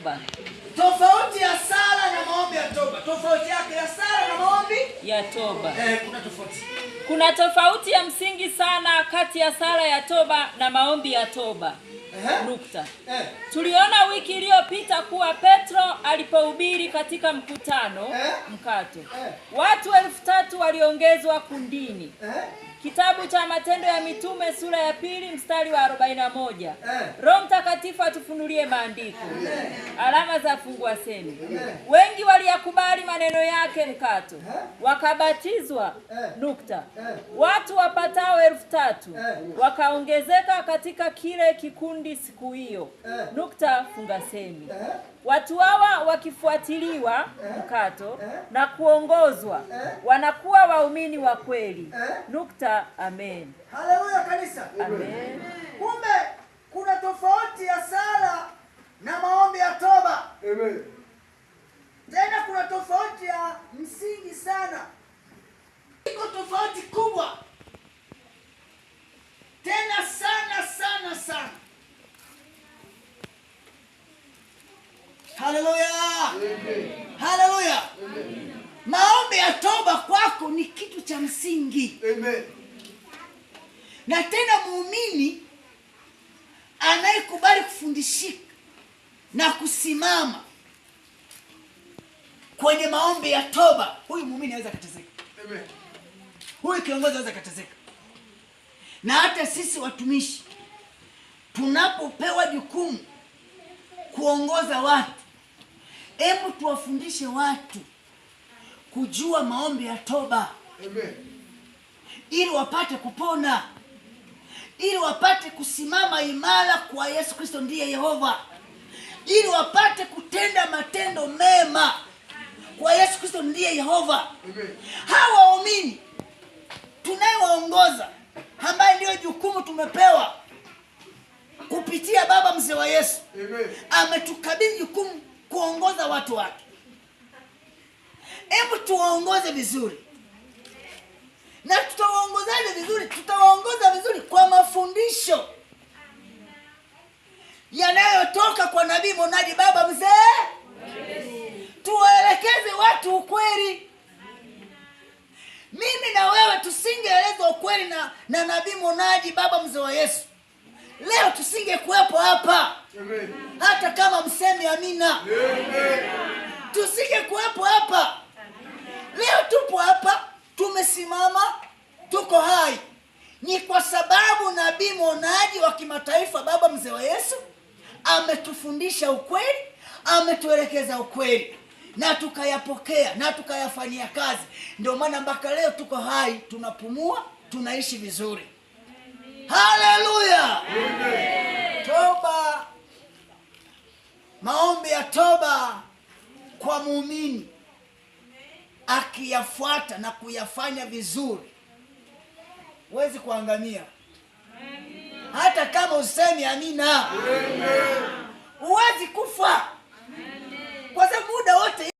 toba. Tofauti ya sala na maombi ya toba, tofauti yake ya sala na maombi ya toba. Eh, kuna tofauti. Kuna tofauti ya msingi sana kati ya sala ya toba na maombi ya toba. Nukta. Eh. Tuliona wiki iliyopita kuwa Petro alipohubiri katika mkutano eh, mkato eh, watu elfu tatu waliongezwa kundini eh. Kitabu cha Matendo ya Mitume sura ya pili mstari wa 41. Eh. Roho Mtakatifu atufunulie maandiko. Eh. Alama za fungua semi. Eh. Wengi waliyakubali maneno yake mkato. Eh. Wakabatizwa eh. nukta. Eh. Watu wapatao elfu tatu eh. wakaongezeka katika kile kikundi siku hiyo. Eh. Nukta funga semi. Eh. Watu hawa wakifuatiliwa eh. mkato eh. na kuongozwa eh. wanakuwa waumini wa kweli. Eh. Nukta Kanisa, amen. Haleluya kanisa, amen. Kumbe kuna tofauti ya sala na maombi ya toba, amen. Tena kuna tofauti ya msingi sana, iko tofauti kubwa tena sana sana sana. Haleluya, haleluya, maombi ya toba cha msingi Amen. Na tena muumini anayekubali kufundishika na kusimama kwenye maombi ya toba, huyu muumini anaweza akatezeka, huyu kiongozi anaweza akatezeka. Na hata sisi watumishi tunapopewa jukumu kuongoza watu, hebu tuwafundishe watu kujua maombi ya toba. Ili wapate kupona, ili wapate kusimama imara kwa Yesu Kristo ndiye Yehova, ili wapate kutenda matendo mema kwa Yesu Kristo ndiye Yehova. Hawa waumini tunayewaongoza, ambaye ndiyo jukumu tumepewa kupitia baba mzee wa Yesu, ametukabili jukumu kuongoza watu wake. Hebu tuwaongoze vizuri na tutawaongozaje vizuri? Tutawaongoza vizuri kwa mafundisho yanayotoka kwa nabii monaji baba mzee yes. Tuwaelekeze watu ukweli. Mimi na wewe tusingeelezwa ukweli na, na nabii monaji baba mzee wa Yesu, leo tusingekuwepo hapa, hata kama msemi amina Amen. mwonaji wa kimataifa, baba mzee wa Yesu ametufundisha ukweli, ametuelekeza ukweli na tukayapokea na tukayafanyia kazi. Ndio maana mpaka leo tuko hai, tunapumua, tunaishi vizuri. Haleluya! Toba, maombi ya toba kwa muumini akiyafuata na kuyafanya vizuri, huwezi kuangamia hata kama usemi amina, huwezi kufa kwa sababu muda wote